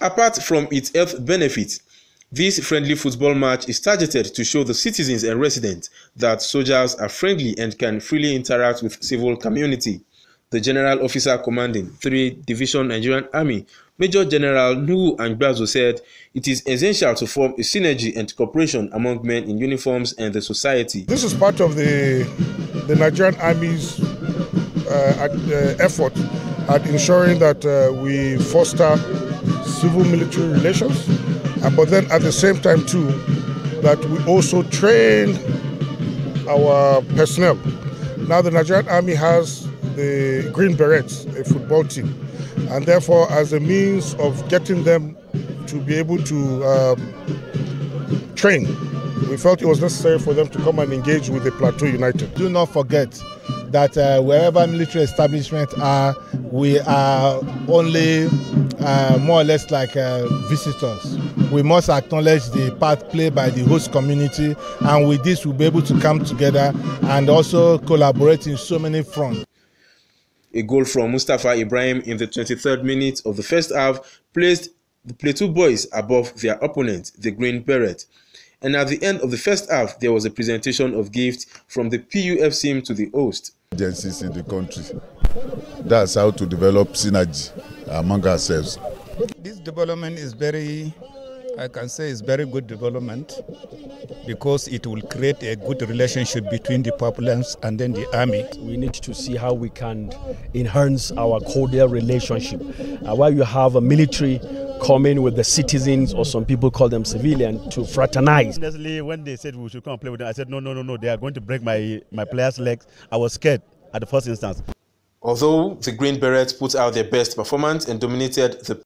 Apart from its health benefits, this friendly football match is targeted to show the citizens and residents that soldiers are friendly and can freely interact with civil community. The General Officer Commanding 3 Division Nigerian Army, Major General Nuhu Angbazo said, It is essential to form a synergy and cooperation among men in uniforms and the society. This is part of the, the Nigerian Army's uh, uh, effort at ensuring that uh, we foster civil military relations, uh, but then at the same time, too, that we also train our personnel. Now, the Nigerian Army has the Green Berets, a football team, and therefore, as a means of getting them to be able to um, train, we felt it was necessary for them to come and engage with the Plateau United. Do not forget that uh, wherever military establishments are, we are only uh, more or less like uh, visitors. We must acknowledge the part played by the host community, and with this, we'll be able to come together and also collaborate in so many fronts. A goal from Mustafa Ibrahim in the 23rd minute of the first half placed the Plateau boys above their opponent, the Green Beret. And at the end of the first half, there was a presentation of gifts from the PUF team to the host. agencies in the country. That's how to develop synergy among ourselves. This development is very, I can say, is very good development because it will create a good relationship between the populace and then the army. We need to see how we can enhance our cordial relationship. Uh, while you have a military come in with the citizens, or some people call them civilian, to fraternize. Honestly, when they said we should come play with them, I said, no, no, no, no, they are going to break my, my players' legs. I was scared at the first instance. Although the Green Berets put out their best performance and dominated the